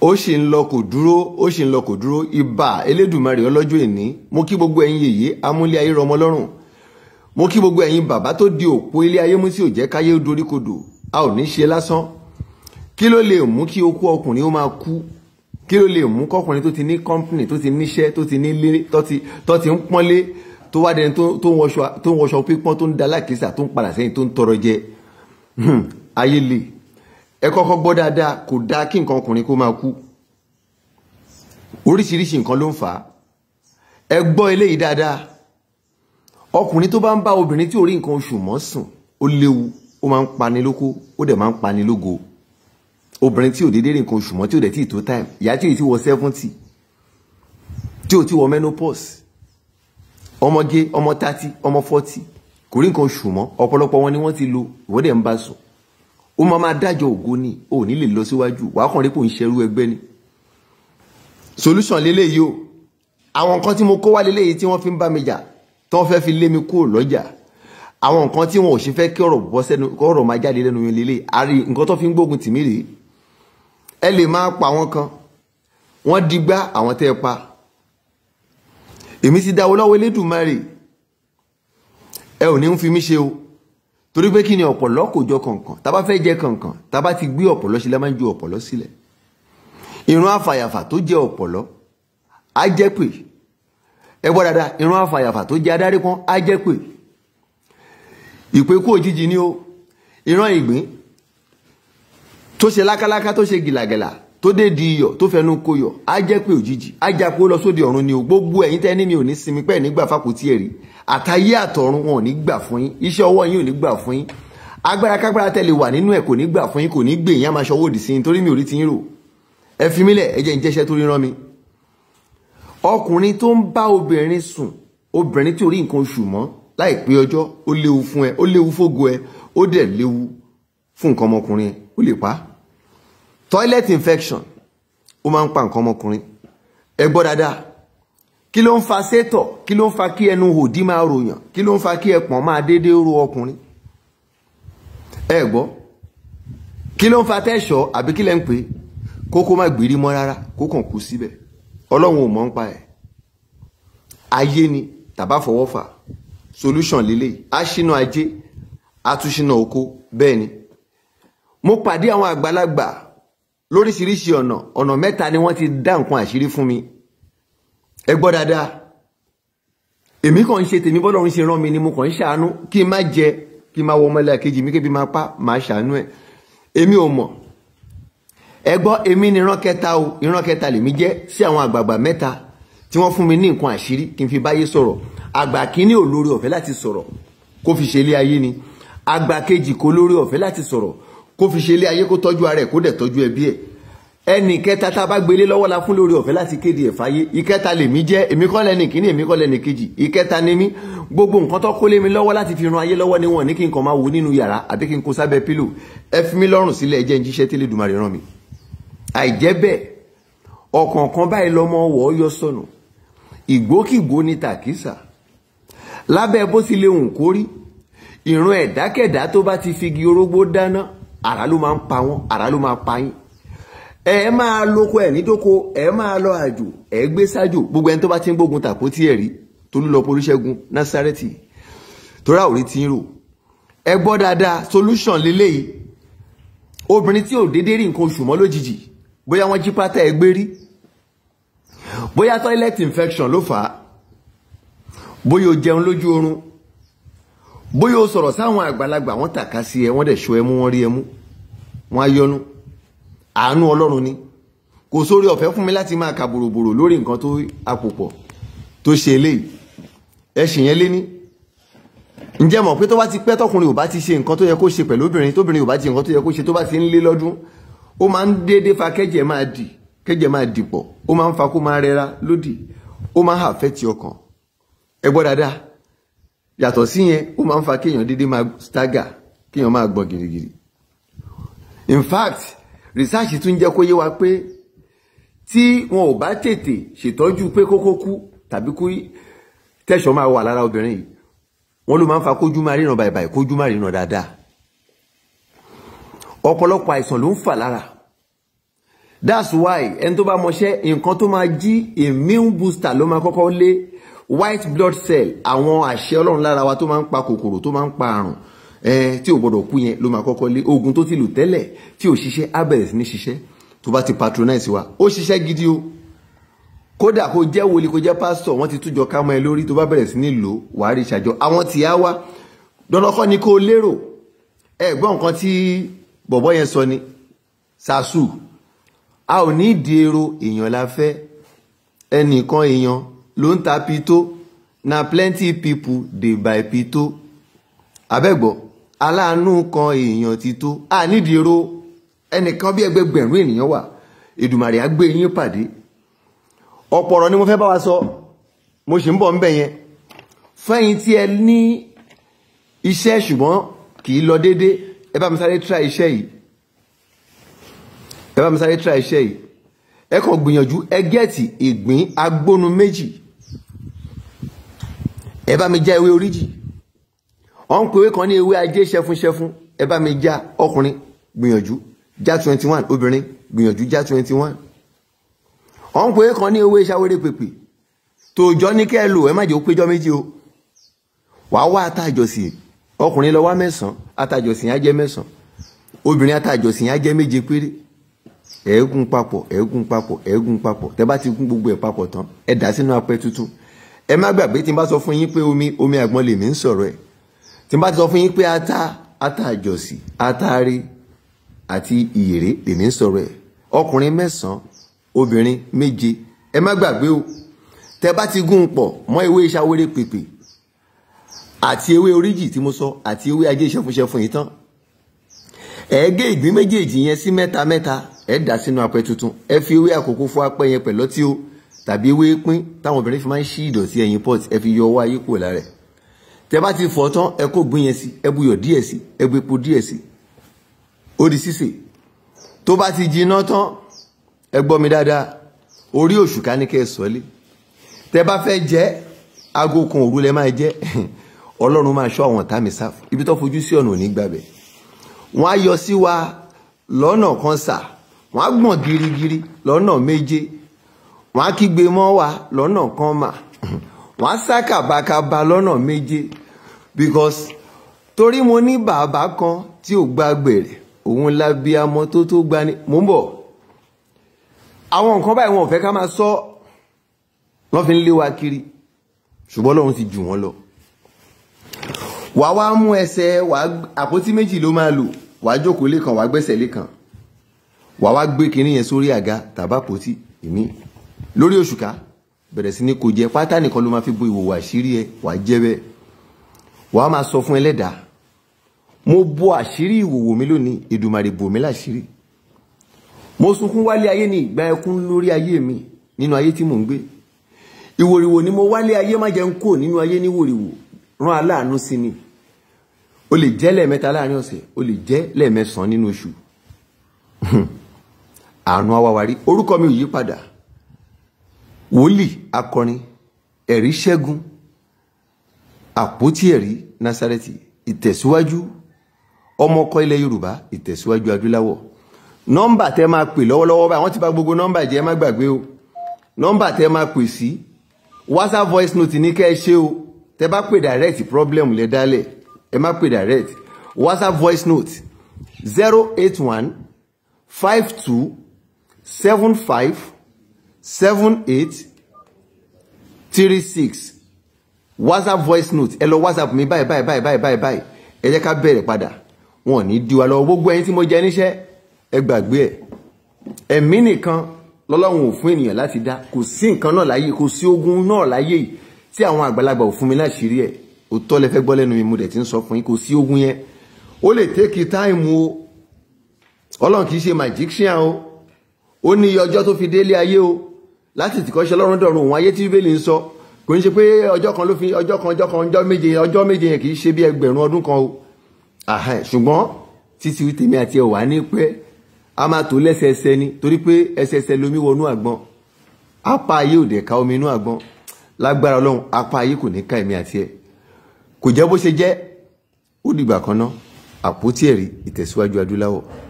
ó sì ń lọ kò dúró ó sì ń lọ kò dúró ibà elédùnmarè ọlọ́jọ́ èní mo kí gbogbo ẹ̀yin yèyé amúlé ayé rọmọ lọ́rùn mo kí gbogbo ẹ̀yin bàbá tó di òpó ilé ayé mú tí ò jẹ́ káyé dorí kodò a ò ní ṣe lásán kí ló lè mú kí okú ọkùnrin ó máa kú kí ló lè mú kọkùnrin tó ti ní kọ́ńpìnì tó ti níṣẹ́ tó ti nílé tó ti ń pọ́nlé tó wá dẹni tó ń wọṣọ pípọ́n tó ń da tó ń padà sẹ́yìn tó ń tọrọ jẹ hmm, ayé le ẹ kọ́kọ́ gbọ́ dáadáa kò dáa kí nǹkan ọkùnrin kó máa kú oríṣiríṣi nǹkan ló ń fà á ẹ gbọ́ eléyìí dáadáa ọkùnrin tó bá ń bá obìnrin tí ò rí nǹkan oṣù mọ́ sùn ó léwu ó máa ń pani lóko ó dẹ̀ máa ń pani lógo obìnrin tí ò déédéé rí nǹkan oṣù mọ́ tí ò dẹ̀ tí ì tó time ìyá tí ò ti wọ seventy tí ò ti wọ menopause ọmọge ọmọ thirty ọmọ forty kò rí nǹkan oṣù mọ́ ọ̀pọ̀lọpọ̀ wọn ni wọ́n ti lo ìwọ́dẹ̀ ń bá sùn ó máa máa dájọ́ ògo ni ò ní lè lọ síwájú wàá kàn kò ń ṣerú ẹgbẹ́ ni solution leléyìí o àwọn nǹkan tí mo kó wá leléyìí tí wọ́n fi ń bá mi jà tí wọ́n fẹ́ fi lé mi kúrò lọ́jà àwọn nǹkan tí wọn ò ṣe fẹ́ kí ọ̀rọ̀ bọ́ sẹ́nu kí ọ̀rọ̀ máa jáde lẹ́nu yẹn leléyìí àrí nǹkan tó fi ń gbógun tì mí rèé ẹ lè máa pa àwọn kan wọ́n digbá àwọn tẹ́ ẹ pa èmi ti dáwọ́ lọ́wọ́ Elédùmarè ẹ ò ní ń fi mí ṣe o torí pé kí ni ọ̀pọ̀lọ́ kò jọ kọ̀ọ̀kan tábà fẹ́ jẹ kọ̀ọ̀kan tábà ti gbé ọ̀pọ̀lọ́ sílẹ̀ máa ń ju ọ̀pọ̀lọ́ sílẹ̀ ìrun àfàyàfà tó jẹ ọ̀pọ̀lọ́ á jẹ́ pè ẹ gbọ́ dáadáa ìrun àfàyàfà tó jẹ adarí pọ́n á jẹ́ pè ìpẹ́kú òjijì ni ó ìran ìgbín tó ṣe lákáláká tó ṣe gìlàgìlà tó dé di iyọ̀ tó fẹnu kó yọ̀ á jẹ́ pé òjijì á jà pé lọ sóde ọ̀run ni o gbogbo ẹ̀yin tẹ́ ní mi ò ní sinmi pẹ́ nígbà fákòtí ẹ̀rí àtayé àtọ̀run wọn ò ní gbà fún yín iṣẹ́ ọwọ́ yín ò ní gbà fún yín agbára kágbára tẹ́ lè wà nínú ẹ̀ kò ní gbà fún yín kò ní gbè yín á máa ṣọwọ́ òdì sí yín torí mi ò rí ti yín rò ẹ fi mí lẹ̀ ẹ jẹ́ ìjẹ́ṣẹ́ tó rírán mi. ọkùnrin tó ń bá obìnrin sùn toilet infection ó máa ń pa nǹkan ọmọkùnrin ẹ gbọ́ dáadáa kí ló ń fa sétọ̀ kí ló ń fa kí ẹnu òdì máa ròyàn kí ló ń fa kí ẹpọ̀n máa déédéé ro ọkùnrin ẹ gbọ́ kí ló ń fa tẹ́ṣọ̀ àbí kí lẹ́ ń pè kókó má gbèrí mọ́ rárá kó kú síbẹ̀ ọlọ́run ò mọ̀ ń pa ẹ̀ ayé ni tàbá fọwọ́ fà solution lélẹ̀ aṣínà ajé atúnṣínà oko bẹ́ẹ̀ ni mo pàdé àwọn àgbàlagbà lóríṣiríṣi ọ̀nà ọ̀nà mẹ́ta ni wọ́n ti dá nǹkan àṣírí fún mi ẹ gbọ́ dáadáa èmi kàn ń ṣe tèmi bọ́lọ̀ ń ṣe rán mi ni mo kàn ń ṣàánú kí n má jẹ kí n má wọ ọmọlẹ́ àkejì mi kébi máa pa máa ṣàánú ẹ̀ èmi ò mọ̀ ẹ gbọ́ èmi ni ìran kẹta o ìran kẹta lèmi jẹ́ sí àwọn àgbààgbà mẹ́ta tí wọ́n fún mi ní nǹkan àṣírí kí n fi báyé sọ̀rọ̀ àgbà kínní ò lórí ọ̀fẹ́ láti sọ̀rọ̀ kó fi ṣe ilé ayé ni àgbà kejì kò lórí ọ̀fẹ́ láti sọ̀rọ̀ kó fi ṣe ilé ayé kó tọ́jú ara ẹ̀ kó dẹ̀ tọ́jú ẹbí ẹ̀ ẹnì kẹta tá a bá gbélé lọ́wọ́ la fún lórí ọ̀fẹ́ láti kéde ẹ̀ fáyé ìkẹta lèmi jẹ́ èmi kọ́ lẹ́nì kíní èmi kọ́ lẹ́nì kejì ìkẹta ni mí gbogbo nǹkan tó kólé mi lọ́wọ́ láti fi ran ayé lọ́wọ́ ni wọ́n ní kí n kàn máa wò nínú yàrá àbí kí n kó sábẹ́ pílò ẹ fi mí lọ́rùn sílẹ̀ ẹ jẹ́ n jíṣẹ́ tẹ́lẹ̀ dùmarè ràn mí. àìjẹ́ bẹ́ẹ̀ ọ̀kọ̀ọ̀kan báyìí lọ́mọ wọ̀ ọ́ yọ sọnù ìgbókìgbó ni tàkísà lábẹ́ bó ti lè hùn kórí ìran ẹ̀dákẹ́dá tó bá ti figi orógbó dáná àrá ló máa ń pa wọ́n àrá ló máa pa yín ẹ máa lóko ẹ̀ nídóko ẹ máa lọ àjò ẹ gbé sájò gbogbo ẹni tó bá ti ń gbógun tàpótí ẹ̀rí Tolúlọpọ̀ Olúṣẹ́gun Násárẹ́tì torá òrí ti ń rò ẹ gbọ́ dáadáa solution leléyìí obìnrin tí ò déédéé rí nǹkan oṣù mọ́ lójijì bóyá wọ́n jí pátá ẹ gbé rí bóyá toilet infection ló fà á bóyá o jẹun lójú oorun bóyá o sọ̀rọ̀ sáwọn àgbàlagbà wọ́n tàka sí ẹ wọ́n dẹ̀ so ẹmú wọ́n rí ẹmú wọ́n á yọnu àánú ọlọ́run ni kò sórí ọ̀fẹ́ fún mi láti máa kà bòròbòrò lórí nǹkan tó apòpọ̀ tó ṣe eléyìí ẹ̀sìn yẹn lé ní ǹjẹ́ mọ̀ pé tó bá ti pẹ́ tọkùnrin ò bá ti ṣe nǹkan tó yẹ kó ṣe pẹ̀lú obìnrin tóbìnrin ò bá ti nǹkan tó yẹ kó ṣe tó bá ti ń lé lọ́dún ó máa ń déédéé fa kẹ́jẹ̀ máa dì kẹ́jẹ̀ máa dìpọ̀ ó máa ń fa kó máa rẹra lódì ó máa ń àfẹ́tì ọkàn ẹ gbọ́ dáadáa yàtọ̀ sí yẹn ó máa ń fa kéèyàn dédé máa stagger kéèyàn máa gbọ̀n gìrìgìrì in fact research tún jẹ́ kó yé wa pé tí wọn ò bá tètè ṣètọ́jú pé kókó kú tàbí kú tẹ̀sán máa wà lára obìnrin yìí wọn ló máa ń fa kójú máa ríran bàìbàì kójú máa ríran dáadáa ọ̀pọ̀lọpọ̀ àìsàn ló ń fà lára that's why ẹni tó bá mọṣẹ́ nǹkan tó máa jí immune booster ló máa kọ́kọ́ lé white blood cell àwọn àṣẹ ọlọ́run lára wa tó máa ń pa kòkòrò tó máa ń pa àrùn tí ò gbọdọ̀ kú yẹn ló máa kọ́kọ́ lé oògùn tó ti lò tẹ́lẹ̀ tí ò ṣiṣẹ́ abẹ́rẹ́ ní ṣiṣẹ́ tó bá ti patronize wa ó ṣiṣẹ́ gidi o kódà kó jẹ́ wòlíì kó jẹ́ pásítọ̀ wọ́n ti tújọ ká mọ́ ẹ lórí tó bá bẹ̀rẹ̀ sí ní lò wàá rí ìṣàjọ àwọn tì á wá dandan kọ́ ni kó o lérò ẹ̀gbọ́n nǹkan tí bọ̀bọ́ yẹn sọ ni Sasu a ò ní ìdí èrò èèyàn la fẹ́ ẹnìkan èèyàn ló ń ta pito na plenty people dey buy pito abẹ́gbọ́ aláàánú kan èèyàn ti tó a nídìí ro ẹnìkan bí ẹgbẹgbẹ̀rún ènìyàn wà Èdùmàrè á yín pàdé ọ̀pọ̀ ni mo fẹ́ bá wa sọ mo sì ń bọ̀ ńbẹ̀ yẹn fẹ́yìn tí ẹ ní iṣẹ́ ṣùgbọ́n kì í lọ déédéé ẹ bá mi sáré try iṣẹ́ yìí ẹ bá mi sáré try iṣẹ́ yìí ẹ kàn gbìyànjú ẹ gẹ́ẹ̀tì ìgbín agbónú méjì ẹ bá mi já ewé oríjì ọ̀ ń pe ewé kan ní ewé ajé ṣẹfunṣẹfun ẹ bá mi já ọkùnrin gbìyànjú já twenty one obìnrin gbìyànjú já twenty one ọ̀ ń pe ewé kan ní ewé ṣàwérè pèpè tòòjọ́ ní kẹ́ ẹ lò ẹ má jẹ́ ó péjọ́ méjì o wàá wá àtàjọsìn ọkùnrin lọ wá mẹ́sàn-án àtàjọsìn á jẹ́ mẹ́sàn-án obìnrin àtàjọsìn á jẹ́ méje péré ẹ̀ẹ́gùn papọ̀ ẹ̀ẹ́gùn papọ̀ ẹ̀ẹ́gùn papọ̀ tẹ́ bá ti gún gbogbo ẹ̀ papọ̀ tán ẹ dà sínú apẹ́ tuntun ẹ má gbàgbé tí n bá sọ fún yín pé omi omi àgbọn lèmi ń sọ̀rọ̀ ẹ̀ tí n bá sọ fún yín pé ata ata àjọsí ataare àti ìyèrè lèmi ń sọ̀rọ̀ ẹ̀ ọkùnrin mẹ́sàn-án obìnrin méje ẹ má gbàgbé o tẹ bá ti gún un pọ̀ mọ́ ewé ìṣàwérè pèpè àti ewé oríjì tí mo sọ àti ewé ajé ìṣẹ́fúnṣẹ́fún yìí tán ẹ gé ìgbín méjèèjì yẹn sí mẹ́ta mẹ́ta ẹ dà sínú apẹ tuntun ẹ fi ewé àkókò fún apẹ yẹn pẹ̀lọ́tí o tàbí ewé pín táwọn obìnrin fi máa ń ṣí ìdọ̀tí ẹ̀yìn pot ẹ fi yọ ọwọ́ ayé kúrò lára ẹ̀ tẹ bá ti fọ̀ tán ẹ kó gbín yẹn sí ẹ buyọ̀ díẹ̀ sí ẹ bu epo díẹ̀ sí ó di sísè tó bá ti jiná tán ẹ gbọ́ mi dáadáa orí òṣùká ní kẹ́ ẹ sọ́lé tẹ bá fẹ́ jẹ aago kan òru lẹ máa jẹ ọlọ́run máa ṣọ́ àwọn ọ̀tá mi ibi tó fojú sí ọ̀nà òní gbàbẹ̀ wọ́n á yọ sí wa lọ́nà kan sà wọ́n á gbọ̀n girigiri lọ́nà méje wọ́n á kígbe mọ́ wa lọ́nà kan mà wọ́n á sá kàbàkàbà méje because torí mo ní bàbá kan tí ò gba gbèrè òun lábíamọ tó tó gbani mò ń bọ̀ àwọn nǹkan báyìí wọn ò fẹ́ ká máa sọ wọ́n fi ń lé wa kiri ṣùgbọ́n lọ́run ti jù wọ́n lọ wàá wá mú ẹsẹ̀ wàá àpótí méjì ló máa lò wàá jókòó lẹ́kan wàá gbẹ́sẹ̀ lẹ́kan wàá wá gbé kinní yẹn sórí àga tàbá àpótí ìmíì lórí òṣùká bẹ̀rẹ̀ sí ni kò jẹ pátá nìkan ló máa fi bo ìwòwò àṣírí ẹ wàá jẹ bẹ́ẹ̀ wàá máa sọ fún ẹlẹ́dàá mo bo àṣírí ìwòwò mi lónìí Èdùmàrè bò mí láṣírí mo sunkún wálé ayé ní ìgbà ẹkún lórí ayé mi nínú ayé tí mò ń gbé ìwòrìwò ni mo wálé ayé má jẹ́ ń kó nínú ayé níwòrìwò rán aláàánú sí mi o lè jẹ́ lẹ́ẹ̀mẹ́ta láàrin ọ̀sẹ̀ o lè jẹ́ lẹ́ẹ̀mẹ́sàn-án nínú oṣù àánú awáwárí orúkọ mi ò yí padà wòlíì akọrin ẹ̀rí ṣẹ́gun àpótí ẹ̀rí nasareti ìtẹ̀síwájú ọmọ ọkọ ilẹ̀ yorùbá ìtẹ̀síwájú adúláwọ̀ nọ́mbà tẹ́ máa pè lọ́wọ́lọ́wọ́ báyìí wọ́n ti bà gbogbo nọ́mbà jẹ́ má gbàgbé o nọ́mbà tẹ́ máa pè sí whatsapp voice note ní kẹ́ ẹ ṣe o tẹ́ bá pè direct problem lẹ dálẹ̀ ẹ má pè direct whatsapp voice note zero eight one five two seven five seven eight three six whatsapp voice note ẹ lọ whatsapp mi báyìí báyìí báyìí báyìí báyìí báyìí ẹ jẹ́ ká bẹ̀rẹ̀ padà wọn ò ní di wa lọ gbogbo ẹyin tí mo jẹ níṣẹ́ ẹ gbàgbé ẹ ẹ̀mí nìkan lọ́lọ́run ò fún ènìyàn láti dá kò sí nǹkan náà láyé kò sí ogun náà láyé yìí tí àwọn àgbàlagbà ò fún mi láṣìírí ẹ̀ òótọ́ lẹ fẹ́ gbọ́ lẹ́nu mi mo dẹ̀ ti ń sọ fún yín kò sí ogun yẹn ó lè tẹ́kì táìmù o ọlọ́run kì í ṣe magician o ó ní iye ọjọ́ tó fi délé ayé o láti tìkọ́ṣẹ́ lọ́rùn dọ̀run òun ayé tí bíbélì ń sọ kò ń ṣe pé ọjọ́ kan ló fi ọjọ́ kan ọjọ́ kan ọjọ́ méje ọjọ́ méje yẹn kì í ṣe bí ẹgbẹ̀rún ọdún kan o ṣùgbọ́n títí tèmi àti ẹ̀ wà ní pé a máa tó lẹ́sẹẹsẹ ni torí pé ẹsẹẹsẹ lomi wọnú àgbọn apá ayé ò dẹ̀ ka omi inú àgbọn lágbára ọlọ́run apá ayé kò ní ká èmi àti ẹ̀ kò jẹ́ bó ṣe jẹ́ ó dìgbà kan ná àpótí ẹ̀rí ìtẹ̀síwájú adúláwọ̀